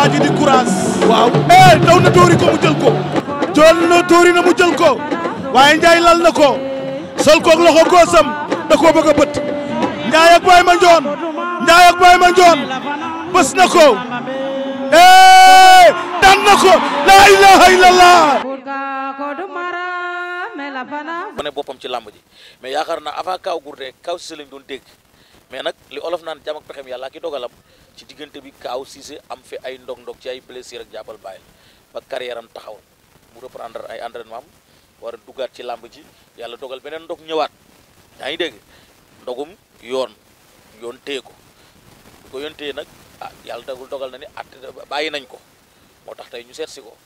waa ji di courage. waaw eh daw na dóori ko mu jël ko. jël na dóori na mu jël ko. waaye Ndiaye lal na ko. sol koog loxo góosam da koo bëgg a bët. Ndiaye ak Baye Mandione. Ndiaye ak Baye Mandione. bës na ko. eh daan na ko. laa ilaha illallah. mu ne boppam ci làmb ji mais yaakaar naa avant kaw Gourdin kaw si lañ doon dégg mais nag li olof naan jàmm ak pexem yàlla ak dogalam. ci diggante bi Kaaw Cissé am fi ay ndog-ndog ci ay blessure ak jàppal bàyyil ba carrière am taxaw mu reprendre ay entraînement am war duggaat ci làmb ji yàlla dogal beneen ndog ñëwaat yaa ngi dégg ndogum yoon yoon téye ko bu ko yoon téye nag a ah, yàlla dagul dogal na ni at bàyyi nañ ko moo tax tey ñu seet si ko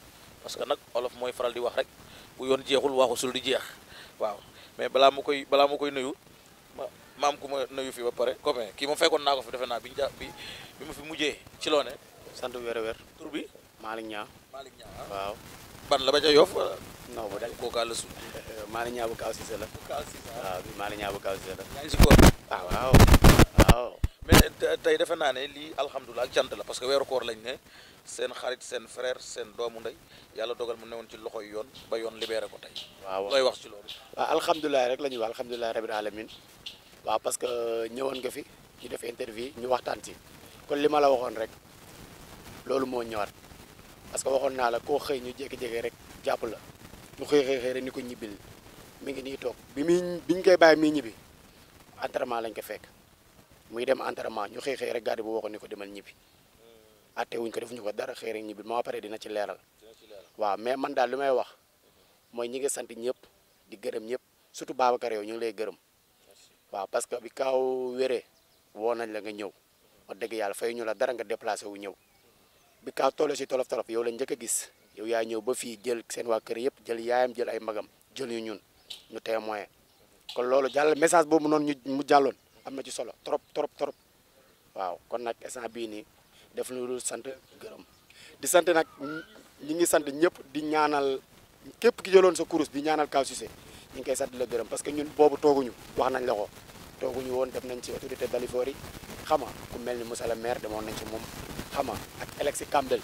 parce que nag olof mooy faral di wax rek bu yoon jeexul waxusul di jeex waaw mais balaa ma koy balaa ma koy nuyu maam ku ma nuyu fi ba pare copain kii moom fekkoon naa ko fi defe naa bi ñu ja bi bi ma fi mujjee ci loone ne sant weer wér tur bi Malick Niang Malick Niang ah. waaw ban la ba ca Yoff non bu dal kookaa la su Malick Niang bu Kaaw Cissé la bu Kaaw Cissé Kaaw si koor mais tey defe naa ne lii alhamdulilah ak cant la parce que weeru koor lañ ne seen xarit seen frère seen doomu ndey yàlla dogal mu woon ci loxoy yoon ba yoon libéré ko tey waaw looy wax ci loolu waaw ah, rek la ñuy wax alhamdulilah rabil alamin waaw parce que ñëwoon nga fi ñu def interview ñu waxtaan si kon li ma la waxoon rek loolu moo ñëwaat parce que waxoon naa la ko xëy ñu jékki-jékki rek jàpp la ñu xëy xëy rek ni ko ñibbil mi ngi nii toog bi muy bi ñu koy bàyyi mii ñibbi entraînement lañ ko fekk muy dem entraînement ñu xëy rek gàddi bu waxoon ni ko demal ñibbi atte wuñ ko defuñu ko dara xëy rek ñibbi moo pare dina ci leeral waaw mais man daal li may wax mooy ñi ngi sant ñëpp di gërëm ñëpp surtout Babacar yow ñu ngi lay gërëm waaw parce que bi kaw wéree woo nañ la nga ñëw wax dëgg yàlla fay ñu la dara nga déplacé wu ñëw bi kaaw toll si tolof tolof yow la njëkk a gis yow yaa ñëw ba fii jël seen waa kër yëpp jël yaayam jël ay magam jël yu ñun ñu témoin kon loolu jàll message boobu noonu ñu mu jàlloon am na ci solo trop trop trop waaw kon nag instant bii nii def lu sant gërëm di sant nag ñi ngi sant ñëpp di ñaanal képp ki jëloon sa kurus di ñaanal Kaaw Cissé ñu ngi koy sant la gërëm parce que ñun boobu tooguñu wax nañ la ko tooguñu woon dem nañ ci autorité Dalifort yi xama ku mel ni monsieur le maire demoon nañ ci moom xama ak Alexis Camdel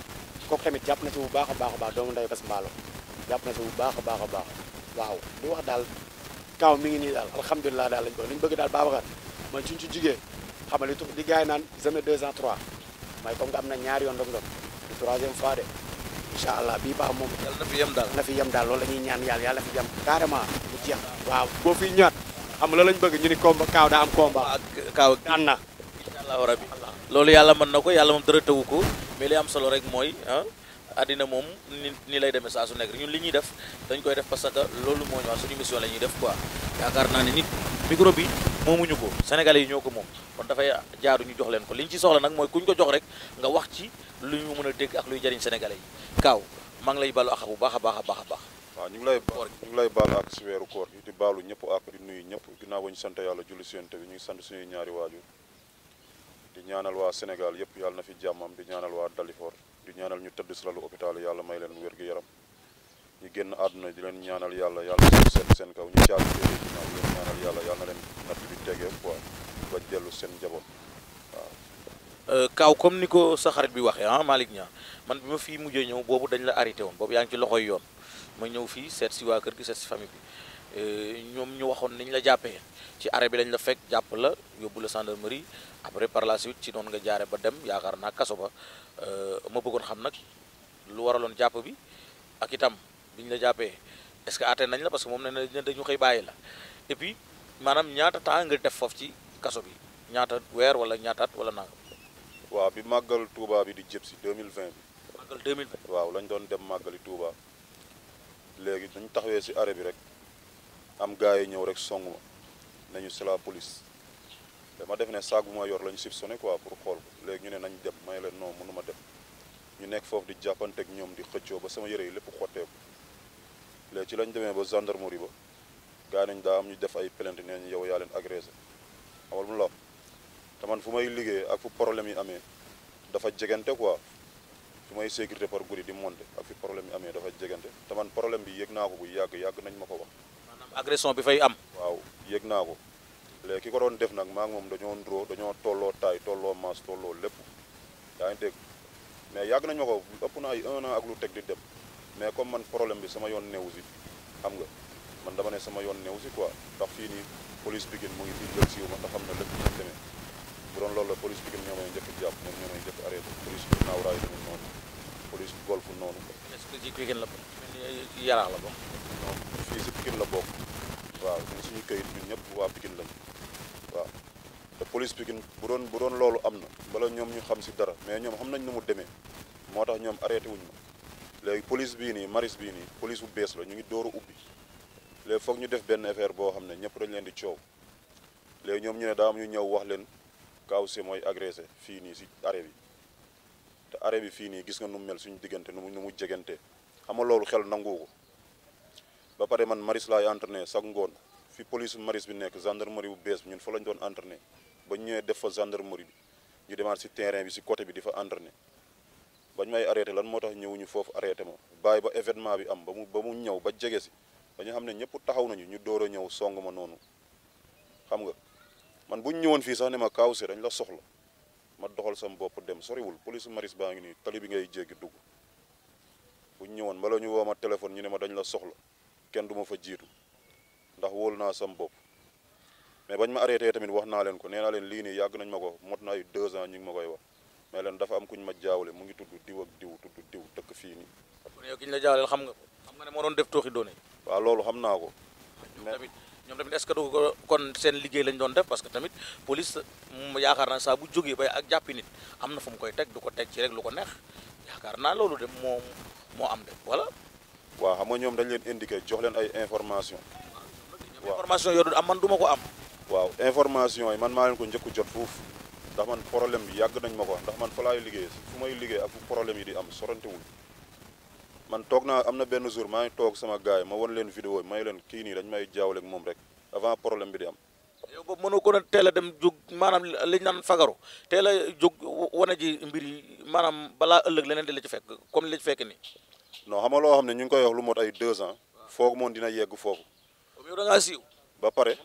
kooku tamit jàpp na ci bu baax a baax a baax doomu nday bas mbaalo jàpp na ci bu baax a baax a baax waaw di wax daal kaw mi ngi nii daal alhamdulilah daal lañ ko li ñu bëgg daal Babacar man suñ ci jigee xama li tu di gars yi naan jamais deux ans trois mooy comme nga am na ñaari yoon ndog-ndog du troisième fois de incha allah bii baax moom yàlla na fi yem daal na loolu la ñuy ñaan yàlla yàlla na fi yem carrément mu jeex waaw boo fi ñëwaat xam la lañ bëgg ñu ni combat kaaw daa am combat kaaw daan na loolu yàlla mën na ko yàlla moom dara tëwu ko mais li am solo rek mooy ah addina moom ni lay demee saa su nekk ñun li ñuy def dañ koy def parce que loolu moo ñu wax suñu mission la ñuy def ko yaakaar naa ne nit micro bi moomuñu ko sénégalais yi ñoo ko moom kon dafay jaaru ñu jox leen ko li ñu ci soxla nag mooy kuñ ko jox rek nga wax ci lu ñu mën a dégg ak luy jariñ sénégalais yi kaaw maa ngi lay balu ak baax a baax a a baax waaw ñu ngi lay ñu ngi lay baal ak si weeru koor gi di baalu ñëpp ak di nuyu ñëpp ginnaaw ba ñu sant yàlla julli sente bi ñu ngi sant suñuy ñaari waajur di ñaanal waa sénégal yëpp yàlla na fi jàmmam di ñaanal waa dalifoor di ñaanal ñu tëdd si lalu hôpital yàlla may leen wér gi yaram ñu génn àdduna di leen ñaanal yàlla yàlla na seen seen kaw ñu caag teel ginnaaw di leen ñaanal yàlla yàlla na leen natt bi seen njaboot waaw. Euh, kaaw comme ni ko sa xarit bi waxee ah Malick Niang man bi ma fii mujjee ñëw boobu dañ la arrêté woon boobu yaa ngi ci loxoy yoon ma ñëw fii seet si waa kër gi seet si famille bi euh, ñoom ñu waxoon ni ñu la jàppee ci arrêt bi lañ la fekk jàpp la yóbbu la gendarmerie après par la suite ci noonu nga jaare ba dem yaakaar naa kaso ba euh, ma bëggoon xam nag lu waraloon jàpp bi ak itam. bi ñu la jàppee est-ce que atte nañ la parce que moom ne na dañu xëy bàyyi la et maanaam ñaata temps nga def foofu ci kaso bi ñaata weer wala ñaataat wala nangam. waaw bi màggal Touba bi di jëm si 2020 bi. màggal 2020. waaw lañu doon dem màggali Touba léegi dañu taxawee si arrêt bi rek am gars yi ñëw rek song nañu c'est la police dama def ne saag bu ma yor lañu soupçonné quoi pour xool ko léegi ñu ne nañ dem may leen non mënu ma dem ñu nekk foofu di jàppanteeg ñoom di xëccoo sama yëre yi lépp xotteeku. léegi ci lañ demee ba gendarmerie ba gaa nañ daa am ñu def ay plainte nee ñu yow yaa leen agressé xamal mu la te fu may liggéey ak fu problème yi amee dafa jegante ko fu may sécurité par guddi di monter ak fi problème yi amee dafa jegante te problème bi yëg naa ko bu yàgg yàgg nañ ma ko wax. maanaam agression bi fay am. waaw yëg naa ko léegi ki ko doon def nag maa moom dañoo ndróo dañoo tolloo taay tolloo maas tolloo lépp yaa ngi dégg mais yàgg nañ ma ko ëpp na ay un an ak lu dem. mais comme man problème bi sama yoon new si xam nga man dama ne sama yoon newu si quoi ndax fii nii police Pikine mu ngi fii jël siiw xam na lépp ñu demee bu doon loolu la police Pikine ñoo may njëkk jàpp ñoom ñoo may njëkk arrêté police bu naaw raay tamit noonu police noonu. est-ce que ci Pikine la bokk yaraax la bokk. fii si Pikine la bokk waaw ñun suñu ñëpp waa Pikine lañ waaw te police Pikine bu loolu am na bala ñoom ñu xam si dara mais ñoom xam nañ nu mu demee moo tax ñoom arrêté wuñ ma. léegi police bii nii maris bii nii police bu bees la ñu ngi door a ubbi léegi foog ñu def benn affaire boo xam ne ñëpp dañ leen di coow léegi ñoom ñu ne daa am ñu ñëw wax leen Kaaw Si mooy agressé fii nii si arrêt bi te arrêt bi fii nii gis nga nu mel suñu diggante nu mu nu mu jegante xam nga loolu xel nangu ko ba pare man maris laay entraîné sax ngoon fi police maris bi nekk gendarmerie bu bees bi ñun fa lañu doon entraîné ba ñu ñëwee def fa gendarmerie bi ñu demaat si terrain bi si côté bi di fa entraîné bañ may arrêté lan moo tax ñëwuñu foofu arrêté ma bàyyi ba événement bi am ba mu ñëw ba jege si ba ñu xam ne ñëpp taxaw nañu ñu door a ñëw song ma noonu xam nga man bu ñëwoon fii sax ne ma Kaaw Seye dañ la soxla ma doxal sam bopp dem soriwul police maris baa ngi nii tali bi ngay jéggi dugg bu ñëwoon bala ñu woo ma téléphone ñu ne ma dañ la soxla kenn du ma fa jiitu ndax wóolu naa sam bopp mais bañ ma arrêté tamit wax naa leen ko neena leen lii nii yàgg nañ ma ko mot na ay deux ans ñu ngi ma koy wax. mais leen dafa am kuñ ma jaawle mu ngi tudd diw ak diw tudd diw dëkk fii ni kon la jaawleel xam nga ko xam nga ne moo doon def tooxi doone waaw loolu xam naa ko tamit ñoom tamit est-ce ko kon seen liggéey lañ doon def parce que tamit police yaakaar na saa bu jógee bay ak jàppi nit am na fu koy teg du ko teg ci rek lu ko neex yaakaar naa loolu de moo moo am de wala waaw xam nga ñoom dañ leen indiqué jox leen ay information information yooyu am man duma ko am waaw information yi man maa leen ko njëkku jot foofu ndax man problème bi yàgg nañ ma ko ndax man fa laay liggéey fu may liggéey ak problème yi di am sorantewul man toog naa am na benn jour maa ngi toog sama gars yi ma won leen vidéo may leen kii nii dañ may jaaw jaawaleeg moom rek avant problème bi di am. yow boobu mënoo ko doon teel a dem jóg maanaam li ñu naan fagaru teel a jóg wane ji mbir yi maanaam balaa ëllëg leneen di la ci fekk comme li la ci fekk nii. non xam nga loo xam ne ñu ngi koy wax lu mot ay deux ans. foog moom dina yegg foofu. yow da ba pare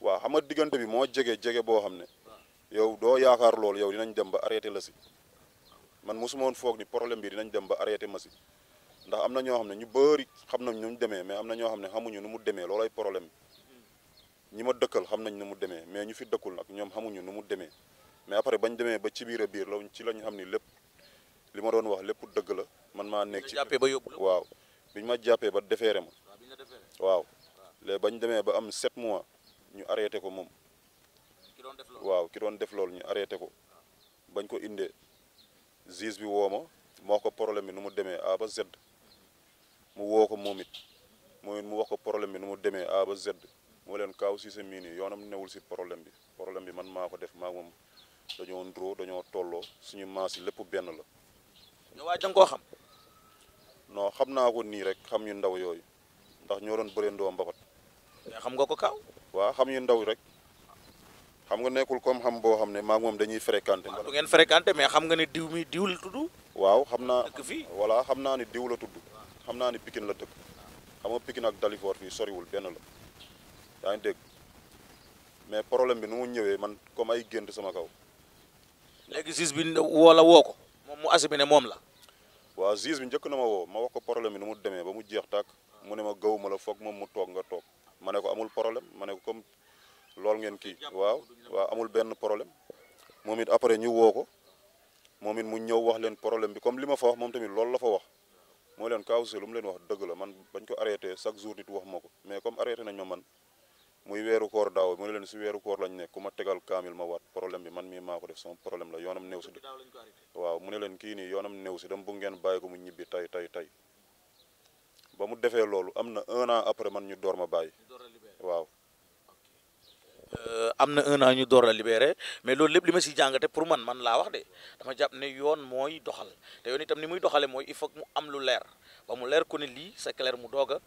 waaw xam nga diggante bi moo jege jege boo xam ne. yow doo yaakaar loolu yow dinañ dem ba arrêté la si man mosuma woon foog ni problème bi dinañ dem ba arrêté ma si ndax am na ñoo xam ne ñu bëri xam nañ nu mu demee mais am na ñoo xam ne xamuñu nu mu demee loolay problème bi ma dëkkal xam nañ nu mu demee mais ñu fi dëkkul nag ñoom xamuñu nu mu demee mais après bañ demee ba ci biir a biir la ci lañ xam ni lépp li ma doon wax lépp dëgg la man maa nekk ci ba waaw biñ ma jàppee ba defeere ma waaw léegi bañ demee ba am 7 mois ñu arrêté ko moom waaw ki doon def loolu ñu arrêté ko bañ ko indee juge bi woo ma moo ko problème bi nu mu demee A ba mu woo ko moom it moom mu wax ko problème bi nu mu demee A ba Z moo leen kaaw si sa miin yi yoonam newul si problème bi problème bi man maa ko def maa moom dañoo ndroo dañoo tolloo suñu maas yi lépp benn la. ñoo waaye da xam. non xam naa ko nii rek xam ñu ndaw yooyu ndax ñoo doon bëree ndoo mbapat. xam nga ko kaaw. waaw xam ñu ndaw rek. xam nga nekkul comme xam boo xam ne maa moom dañuy fréquenté. waaw du ngeen fréquenté mais xam nga ne diw mi diw la tudd. waaw xam naa dëkk fii voilà xam naa ne diw la tudd. xam naa ne Pikine la dëkk. xam nga Pikine ak Dalifort fii soriwul benn la yaa ngi dégg mais problème bi nu mu ñëwee man comme ay gént sama kaw. léegi gis bi woo la woo ko moom mu as bi ne la. waaw gis bi njëkk na ma woo ma wax ko problème bi nu mu demee ba mu jeex tàkk mu ne ma gaw ma foog moom mu toog nga toog ma ne ko amul problème ma ne ko comme lool ngeen kii waaw waaw amul benn problème moom it après ñu woo ko moom it mu ñëw wax leen problème bi comme li ma fa wax moom tamit loolu la fa wax moo leen Kaaw Cissé lu mu leen wax dëgg la man bañ ko arrêté chaque jour nit wax ma ko mais comme arrêté nañ man muy weeru koor daaw mu ne leen si weeru koor lañ ne ku ma tegal kaamil ma waat problème bi man mii maa ko def sama problème la yoonam néew si waaw mu ne leen kii nii yoonam néew si dama bëgg ngeen bàyyi ko mu ñibbi tey tey tey ba mu defee loolu am na un an après man ñu door ma bàyyi waaw Euh, am na un ñu door la libeere mais loolu lépp li ma si jàngate pour man man laa wax de dama jàpp ne yoon mooy doxal te yoon itam ni muy doxale mooy il faut mu am lu leer ba mu leer ko ne lii c'est clair mu doog a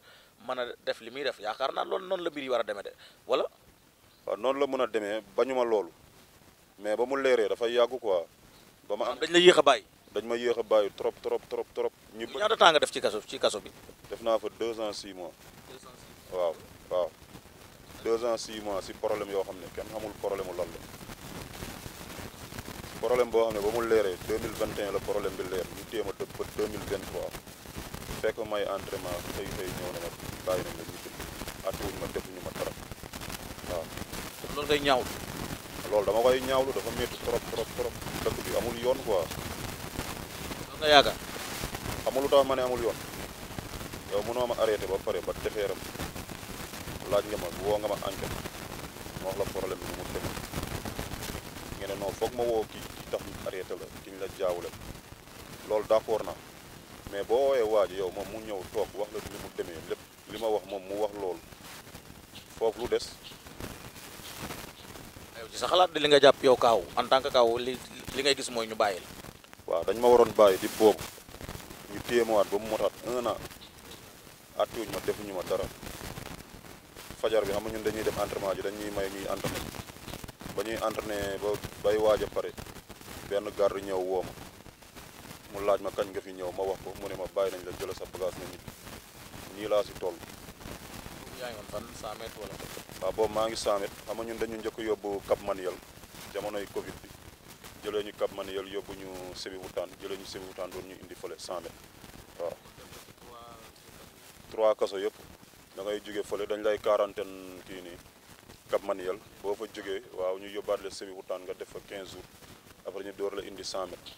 mën a def li muy def yaakaar naa loolu noonu la mbir war a demee de wala. noonu la mën a demee bañu ma loolu mais ba mu leeree dafa yàgg quoi. ba ma am dañ la yéex a bàyyi. dañ ma yéex a bàyyi trop trop trop trop. ñu bëri ñaata temps def ci kaso ci kaso bi. def naa fa deux ans six mois waaw. deux ans six mois si problème yoo xam ne kenn xamul problème mu lan la problème boo xam ne ba mu leeree 2021 la problème bi leer ñu téema dëpp ba 2023 fekk may entraînement xëy xëy ñëw na ma bàyyi nañ la ñu tëdd attiwuñ ma defuñu ma dara loolu day ñaawlu loolu dama koy ñaawlu dafa métti trop trop trop dëkk bi amul yoon quoi loolu nga yaakaar amul lu tax ma ne amul yoon yow mënoo ma arrêté ba pare ba defeeram laaj nga ma woo nga ma enquête ma wax la problème bi mu demee nga ne foog ma woo kii kii tax ñu arrêté la diñ la jaawule loolu d'accord naa mais boo woowee waa yow moom mu ñëw toog wax la li mu demee lépp li ma wax moom mu wax lool foofu lu des. yow ci sa xalaat di li nga jàpp yow kaaw en tant que kaaw li li ngay gis mooy ñu bàyyi la. waaw dañ ma waroon bàyyi di boobu ñu téye ma waat ba mu motaat un attiwuñ ma defuñu ma dara. fajar bi xam nga ñun dañuy dem entraînement ji dañuy may ñuy entraîné ba ñuy entraîné ba bay waaj a pare benn garde ñëw woo mu laaj ma kañ nga fi ñëw ma wax ko mu ne ma bàyyi nañ la jëla sa bagage nga nit nii si toll. yaa ngi woon fan ah, boobu maa ngi 100 xam na ñun dañu njëkk yóbbu Cap Manuel jamonoy Covid bi jëlee ñu Cap Manuel yóbbu ñu Sébi Wutaan jëlee ñu Sébi Wutaan doon ñu indi fële 100 mètres waaw. trois kaso yëpp. da ngay jóge fële dañ lay quarantaine kii nii Cap Manuel boo fa jógee waaw ñu yóbbaat la Sébikotane nga def fa quinze jours après ñu door la indi 100 mètres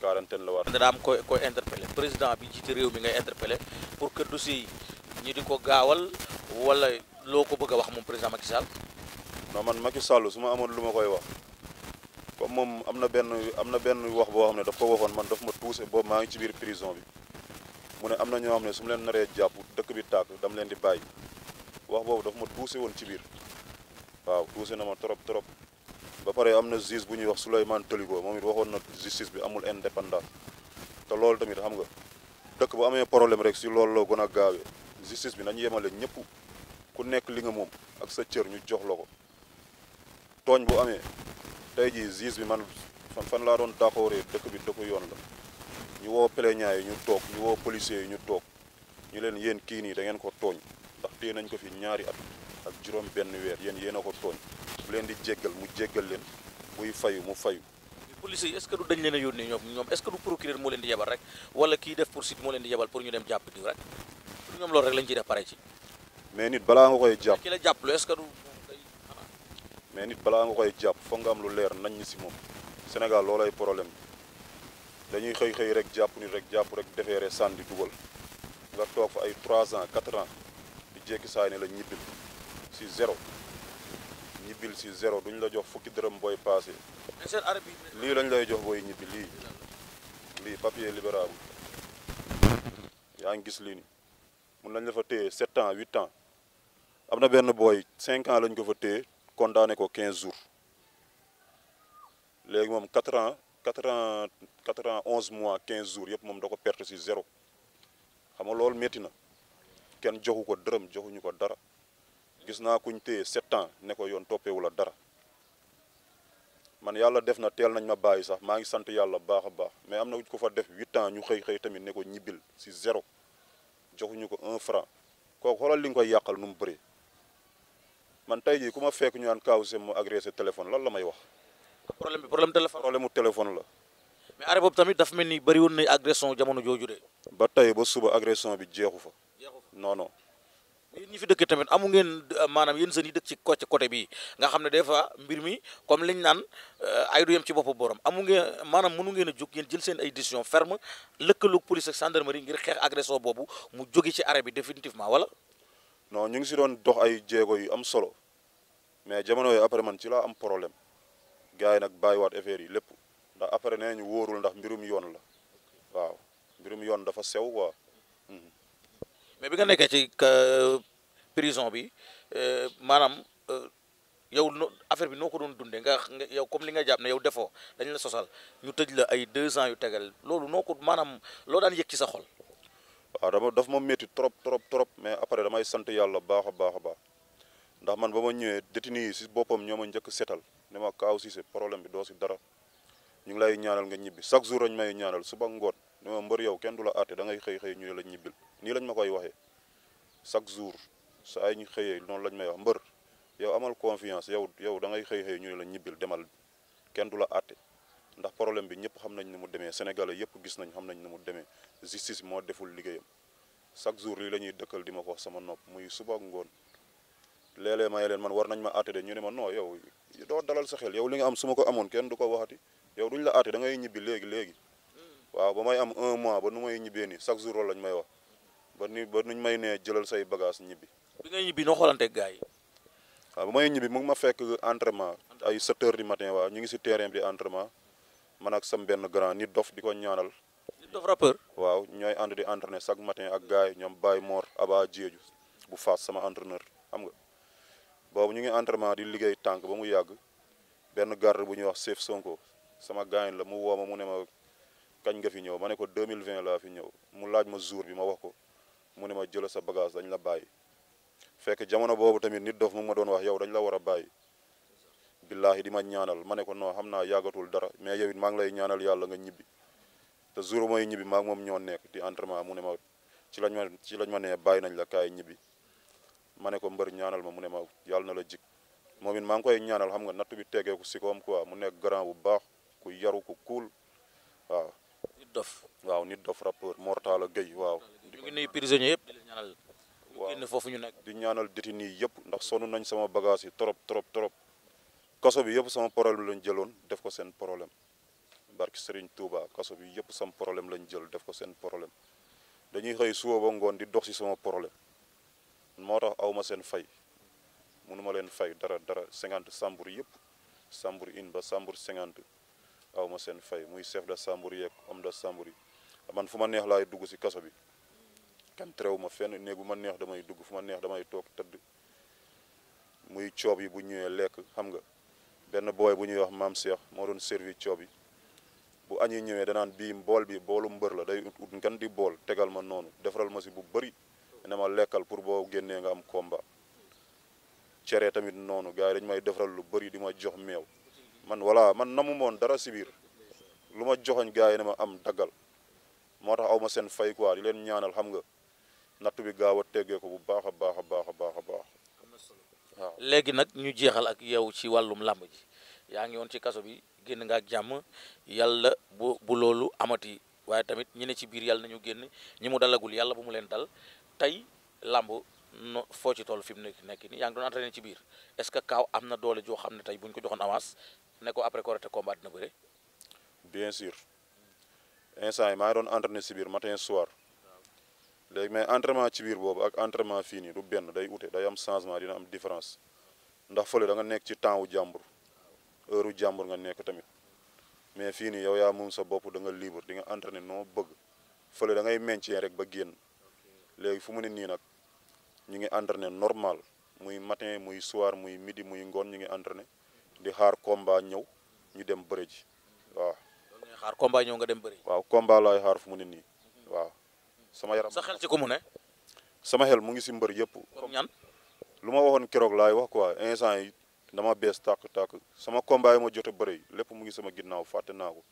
quarantaine la war. dana am koy koy interpellé président bi jiite réew mi ngay interpellé pour que dossier yi ñu di ko gaawal walla loo ko bëgg a wax moom président Macky Sall. non man Macky Sall su ma amoon lu ma koy wax comme moom am na benn am na benn wax boo xam ne daf ko waxoon man daf ma tuuse boobu maa ngi ci biir prison bi mu ne am na ñoo xam ne su leen naree jàpp dëkk bi tàkk dam leen di bàyyi wax boobu dafa ma tuuse woon ci biir waaw tuuse na ma trop trop ba pare am na juge bu ñuy wax Souleymane Téliko moom it waxoon na justice bi amul indépendance te loolu tamit xam nga dëkk bu amee problème rek si loolu la gën a gaawee justice bi nañu yemale ñëpp ku nekk li nga moom ak sa cër ñu jox la ko tooñ bu amee tey jii juge bi man fan fan laa doon d'accord dëkk bi dëkku yoon la ñu woo plaignant yi ñu toog ñu woo policier yi ñu toog ñu leen yéen kii nii dangeen ko tooñ ndax téye nañ ko fi ñaari at ak juróom benn weer yéen yéen a ko tooñ bu leen di jéggal mu jéggal leen buy fayu mu fayu police yi est-ce que du dañ leen a yónnee ñoom ñoom est-ce que du procureur moo leen di yebal rek wala kii def poursuite moo leen di yebal pour ñu dem jàpp diw rek pour loolu rek lañ ci def pare ci mais nit balaa nga koy jàpp ki la jàpp lu mais nit balaa nga koy jàpp foog nga am lu leer nañ ñi si moom Sénégal ay problème dañuy xëy xëy rek jàpp nit rek jàpp rek defeere sànni dugal nga toog fa ay trois ans 4 ans di jékki saay ne la ñibbil si zéro ñibbil si zéro duñ la jox fukki dërëm booy paase. lii lañ lay jox booy ñibbi lii lii papier libérable yaa ngi gis lii ni mun nañ la fa téye 7 ans 8 ans am na benn booy 5 ans lañ ko fa téye condamné ko quinze jours léegi moom 4 ans 4 ans 4 mois 15 jours yëpp moom da ko perte si zéro. xam nga loolu métti na kenn joxu ko dërëm joxuñu ko dara gis naa kuñ téye sept ans ne ko yoon toppeewu dara man yàlla def na teel nañ ma bàyyi sax maa ngi sant yàlla baax a baax mais am na ko fa def huit ans ñu xëy xëy tamit ne ko ñibbil si zéro joxuñu ko un franc kooku xoolal li nga koy yàqal nu mu bëri man tey jii ku ma fekk ñu naan Kaaw Sène mu agressé téléphone lan la may wax. problème bi problème téléphone. problème mu téléphone la. mais boobu tamit dafa mel ni bëri woon na agression jamono jooju de. ba tey ba suba agression bi jeexu fa. jeexu fa non non. fi dëkk tamit amu ngeen euh, maanaam yéen seen yi dëkk ci côté côté bii nga xam ne des fois mbir mi comme liñ naan euh, ay du yem ci boppu borom amu ngeen maanaam mënu ngeen a jóg ngeen jël seen ay décision ferme lëkkaloog police ak gendarmerie ngir xeex agression boobu mu jóge ci arrêt bi définitivement wala. non ñu ngi si doon dox ay jéego yu am solo mais jamono yooyu après man ci laa am problème gars yi nag bàyyiwaat affaire yi lépp. ndax après nee ñu wóorul ndax mbirum yoon la waaw mbirum yoon dafa sew quoi. Mhm. mais bi nga nekkee ci prison bi euh, maanaam euh, yow no affaire bi noo ko doon dundee nga yow comme li nga jàpp ne yow defoo dañu la sosal ñu tëj la ay deux ans yu tegal loolu noo ko maanaam loolu daan yëg ci sa xol. waa dama daf ma métti trop trop trop mais après damay sant yàlla baax a baax a baax ndax man ba ma ñëwee détenu yi si boppam ñoo ma njëkk setal ne ma kaaw si problème bi doo si dara. ñu ngi lay ñaanal nga ñibbi chaque jour dañ may ñaanal suba ngoon ne ma mbër yow kenn du ate àtte da ngay xëy xëy ñu ne la ñibbil ni lañ ma koy waxee chaque jour saa yi ñu xëyee noonu lañ may wax mbër yow amal confiance yow yow da ngay xëy ñu la ñibbil demal kenn du la àtte ndax problème bi ñëpp xam nañ ni mu demee Sénégalais yëpp gis nañ xam nañ ni mu demee justice moo deful liggéeyam chaque jour lii la ñuy dëkkal di ma ko sama nopp muy suba ngoon léeg-léeg ma ne man war nañ ma àtte ñu ne ma non yow doo dalal sa yow li nga am su ma ko amoon kenn du ko waxati yow duñ la aate da ngay ñibbi léegi léegi waaw ba may am un mois ba nu may ñibbee nii chaque jour loolu lañ may wax ba ni ba nuñ may nee jëlal say bagage ñibbi. bi ngay ñibbi yi. waaw ba may ñibbi mu ngi ma fekk entraînement ay 7 di matin waaw ñu ngi si terrain bi entrement man ak sam benn grand ni dof di ko ñaanal. waaw ñooy ànd di entraîner chaque matin ak gars yi ñoom baay Mor Aba Diédiou bu Fass sama entraîneur am nga boobu ñu ngi entrement di liggéey tànk ba mu yàgg benn garde bu ñuy wax Chef Sonko. sama gaañ la mu woo ma mu ne ma kañ nga fi ñëw ma ne ko 2020 laa fi ñëw mu laaj ma jour bi ma wax ko mune ma jëla sa bagage dañ la bàyyi fekk jamono boobu tamit nit dof mu ma doon wax yow dañ la war a bàyyi billaahi di ma ñaanal ma ne ko non xam naa yàggatul dara mais yow it maa ngi lay ñaanal yàlla nga ñibbi te jour mooy ñibbi maa moom ñoo nekk di entraînement mu ne ma ci lañ ma ci lañ ma nee bàyyi nañ la kaay ñibbi ma ne ko mbër ñaanal ma mu ne ma yàlla na la jik moom it maa ngi koy ñaanal xam nga natt bi tegeeku si koom quoi mu nekk grand bu baax ku yaru ku kuul waaw. nit dof waaw nit dof rappeur Mortala Gueye waaw. ñu yëpp di la ñaanal. waaw foofu ñu nekk. di ñaanal détenu yi yëpp ndax sonn nañ sama bagage yi trop trop trop kaso bi yëpp sama problème lañ jëloon def ko seen problème barki Serigne Touba kaso bi yëpp sama problème lañ jël def ko seen problème dañuy xëy suba ngoon di dox si sama problème moo tax awma seen fay mënuma leen fay dara dara cinquante sambur yëpp sambur une ba sambur cinquante aw ma seen fay muy chef de chambre yeeg homme de chambre yi man fu ma neex laay dugg si kaso bi kan ma fenn néegu ma neex damay dugg fu ma neex damay toog tëdd muy coob yi bu ñëwee lekk xam nga benn booy bu ñuy wax maam Cheikh moo doon servi coob yi bu añi ñëwee danaan bii mbool bi boolu mbër la day ut ut ngan di bool tegal ma noonu defaral ma si bu bëri ne ma lekkal pour boo génnee nga am komba cere tamit noonu gars dañ may defaral lu bëri di ma jox meew man voilà man namu moon dara si biir lu ma joxoñ gars yi ne ma am daggal moo tax aw ma seen fay quoi di leen ñaanal xam nga natt bi gaaw a teggee ko bu baax a baax a baax a baax a baax waaw. léegi nag ñu jeexal ak yow ci wàllum làmb ji yaa ngi woon ci kaso bi génn nga ak jàmm yàlla bu bu loolu amati waaye tamit ñi ne ci biir yàlla nañu génn ñi mu dalagul yàlla bu mu leen dal tey làmb no foo ci toll fi mu nekk nii yaa ngi doon entraîné ci biir est-ce que kaaw am na doole joo xam ne tey bu ko joxoon avance ne ko après Korité combat dina bëre. bien sûr instant yi maa ngi doon entraîné si biir matin soir léegi mais entrement ci biir boobu ak entrement fii nii du benn day ute day am changement dina am différence ndax fële danga nekk ci temps wu jàmbur heure u jàmbur nga nekk tamit mais fii nii yow yaa moom sa bopp da nga libre di nga entraîné noo bëgg fële dangay ngay rek ba génn léegi fu mu ne nii nag ñu ngi entraîné normal muy matin muy soir muy midi muy ngoon ñu ngi entraîné. di xaar combat ñëw ñu dem bëre ji xaar combat ñëw nga dem bëre. waaw combat laay xaar fu mu ne nii waaw. sama yaram xel ci ku mu ne. sama xel mu ngi si mbër yëpp. comme lu ma waxoon keroog laay wax quoi instant yi dama bees tàkk-tàkk sama combat yi ma jot a bëre lépp mu ngi sama ginnaaw fàtte naa ko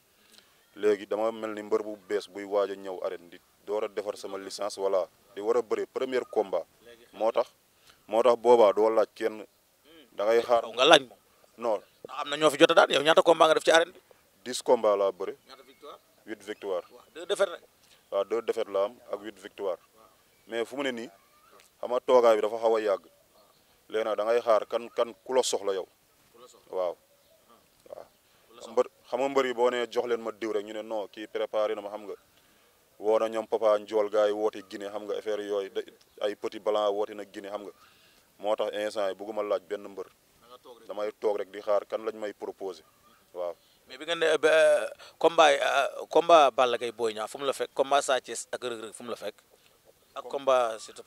léegi dama mel ni mbër bu bees buy waaj a ñëw arène di door a defar sama licence voilà di war a bëre premier combat moo tax moo tax boobaa doo laaj kenn hmm. da ngay xaar non ah, am na ñoo fi jot a daan yow ñaata combat def ci arène bi. dix combat laa bëri. ñaata victoire huit la am ak huit victoire mais fu mu ne nii xam nga toogaay bi dafa xaw a yàgg léegi da ngay xaar kan kan ku la soxla yow waaw. Ah, mbër xam nga mbër yi boo nee jox leen ma diw rek ñu ne non kii préparé na ma xam nga woo na ñoom papa njool gars yi woote Guinée xam nga affaire yooyu ay petit blanc woote na Guinée xam nga moo tax instant yi bëgguma laaj benn mbër damay toog rek di xaar kan lañ may proposé waaw. mais bi nga ne ba combat ah, combat Balla Gaye booy Niang fu mu la fekk combat Sa Thiès ak Reug Reug fu la fekk. ak combat surtout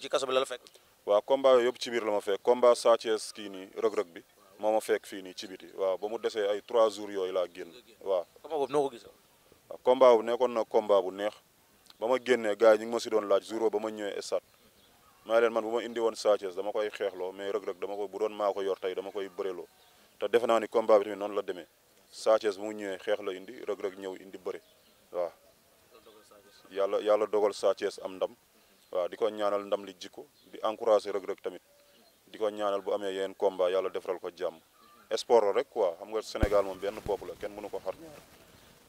ci kaso bi la la fekk. waaw combat yooyu yëpp ci biir la ma fekk combat Sa Thiès kii nii bi moo ma fekk fii nii ci biti waaw ba mu desee ay trois jours yooyu laa génn waaw. combat boobu noo ko gisoo. waaw combat nekkoon na combat bu neex ba ma génnee gars yi ñu ma si doon laaj jour ba ma ñëwee stade. maa leen man bu ma indi woon Sa dama koy xeexloo mais rëg-rëg dama ko bu maa ko yor tey dama koy bëreloo te defe naa ni combat bi tamit la demee Sa Thiès ñëwee xeex la indi rëg-rëg ñëw indi bëre waaw yàlla yàlla dogal Sa am ndam di ko ñaanal ndam li jikko di encouragé rëg-rëg tamit di ko ñaanal bu amee yeneen combat yàlla defaral ko jàmm esporo rek quoi xam nga Sénégal moom benn bopp la kenn mënu ko xar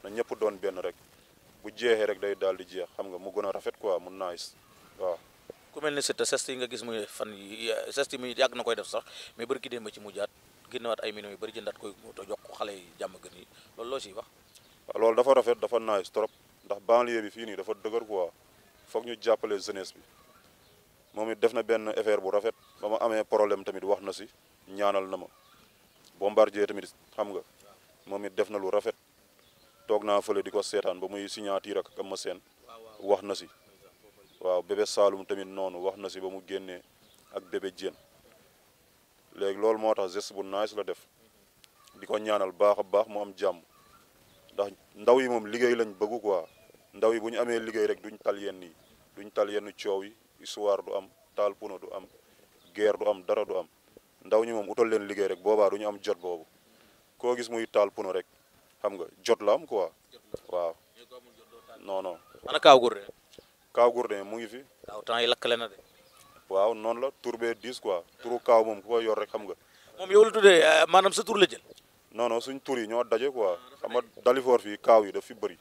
na ñëpp doon benn rek bu jeexee rek day daal di jeex xam nga mu gën a rafet quoi mun naa waaw ku mel ne Siteu sest yi nga gis muy fan yi sest yi muy yàgg na koy def sax mais bari ki dem ba ci mujjaat génnewaat ay millions yu bari jëndaat koy moto jox ko xale yi jàmm gën yi loolu loo siy wax. loolu dafa rafet dafa nice trop ndax banlieue bi fii nii dafa dëgër quoi foog ñu jàppale jeunesse bi moom it def na benn affaire bu rafet ba ma amee problème tamit wax na si ñaanal na ma bombardier tamit xam nga moom it def na lu rafet toog naa fële di ko seetaan ba muy signature ak am ma seen wax na si. waaw bébé Saloum tamit noonu wax na si ba mu génnee ak bébé Diène léegi loolu moo tax geste bu nice la def di ko ñaanal baax a baax mu am jàmm ndax ndaw yi moom liggéey lañ bëgg quoi ndaw yi bu ñu amee liggéey rek duñ tal yenn yi duñ tal yenn coow yi histoire du am taal puno du am guerre du am dara du am ndaw ñi moom utal leen liggéey rek boobaa du am jot boobu koo gis muy taal puno rek xam nga jot la am quoi waaw Kaaw Gourdin mu fi. waaw temps yi lakkale na de. waaw noonu la tur bee diis quoi turu kaw moom ku ko yor rek xam nga. moom yow la tuddee euh, maanaam sa tur la jël. non non suñ tur yi ñoo daje quoi xam nga fii Kaaw yi daf fi bëri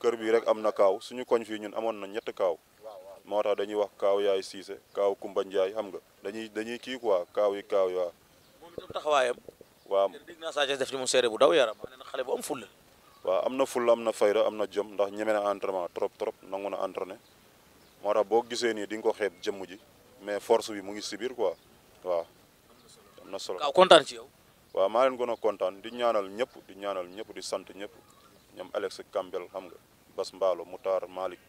kër bii rek am na Kaaw suñu koñ fii ñun amoon na ñett Kaaw moo tax dañuy wax Kaaw yaay Siise Kaaw Kumba Njaay xam nga dañuy dañuy kii quoi Kaaw yi kaw yi waaw. taxawaayam. waaw dégg Sa Thiès bu daw yaram ma xale bu am waaw am na ful am na fayda am na jëm ndax ñeme na entraînement trop trop nangu na entraîné moo tax boo gisee nii di nga ko xeeb jëmm ji mais force bi mu ngi si biir quoi waaw. am na solo kaw yow. waaw maa leen gën kontaan di ñaanal ñëpp di ñaanal ñëpp di sant ñëpp ñoom Alex Kambel xam nga Bas Mbaalo Moutar Malick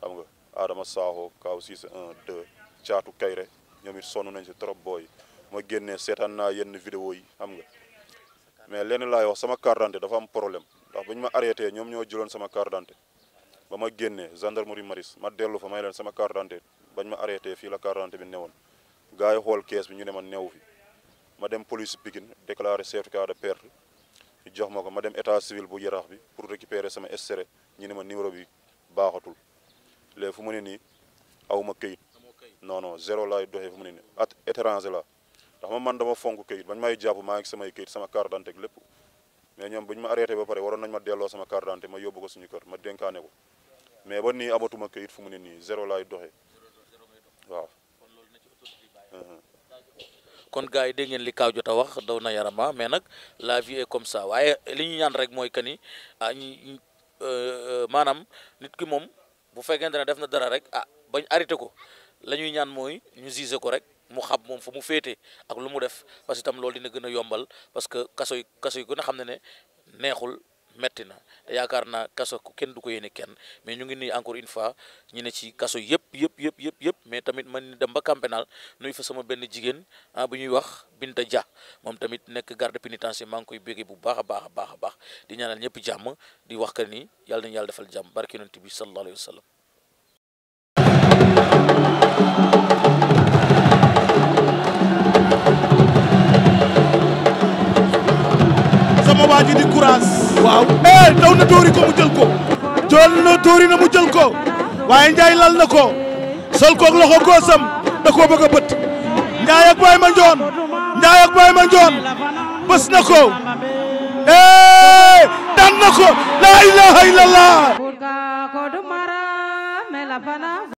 xam nga Adama Sakho Kaw Cissé 1 2 Thiatou Kayre ñoom it sonn nañ si trop booy ma génnee seetaan na yenn vidéo yi xam nga mais lenn laay wax sama carte d'identité dafa am problème ndax bu ñu ma arrêté ñoom ñoo jëloon sama carte d'identité ba ma génnee gendarmerie Maris ma dellu fa may leen sama carte d'identité bañ ma arrêté fii la carte d'identité bi newoon gars yi xool kees bi ñu ne ma newu fi ma dem police pikin déclaré certificat de perte jox ma ko ma dem état civil bu Yaraax bi pour récupérer sama extrait ñu ne ma numéro bi baaxatul léegi fu mu ne nii aw ma këyit non non zéro laay doxee fu mu ne nii at étranger la ndax ma man dama fonk këyit bañ may jàpp maa ngi samay këyit sama carte lépp mais ñoom bu ñu ma arrêté ba pare waroon sama carte d'identité yóbbu ko suñu kër ma dénkaane ko mais ba nii amatuma kayit fu mu ne nii zéro laay doxee waaw. kon gars yi dégg ngeen li Kaaw jot a wax daw na yarama mais nag la vie est comme ça waaye li ñu ñaan rek mooy que ni ah ñi euh, euh, maanaam nit ki moom bu fekkente ne def na dara rek ah bañ arrêté ko la ñuy ñaan mooy ñu jugé ko rek mu xam moom fa mu féete ak lu mu def parce que itam loolu dina gën a yombal parce que kaso yi yi gën a xam ne ne neexul metti na te yaakaar naa kaso kenn du ko yéene kenn mais ñu ngi nii encore une fois ñu ne ci kaso yëpp yëpp yëpp yëpp yëpp mais tamit man dem ba camp nuy fa sama benn jigéen ah bu ñuy wax Binta Dia moom tamit nekk garde pénitentiaire maa ngi koy béggee bu baax a baax a baax a baax di ñaanal ñëpp jàmm di wax que ni yàlla nañu yàlla defal jàmm barke yonent sama waa ji di courage waaw eh daw na tuuri ko mu jël ko jël na tuuri na mu jël ko waaye Ndiaye lal na ko sol koog loxo góosam da koo bëgg a bët Ndiaye ak Baye Mandione Ndiaye ak Baye Mandione bës na ko eh daan na ko la ilaha illallah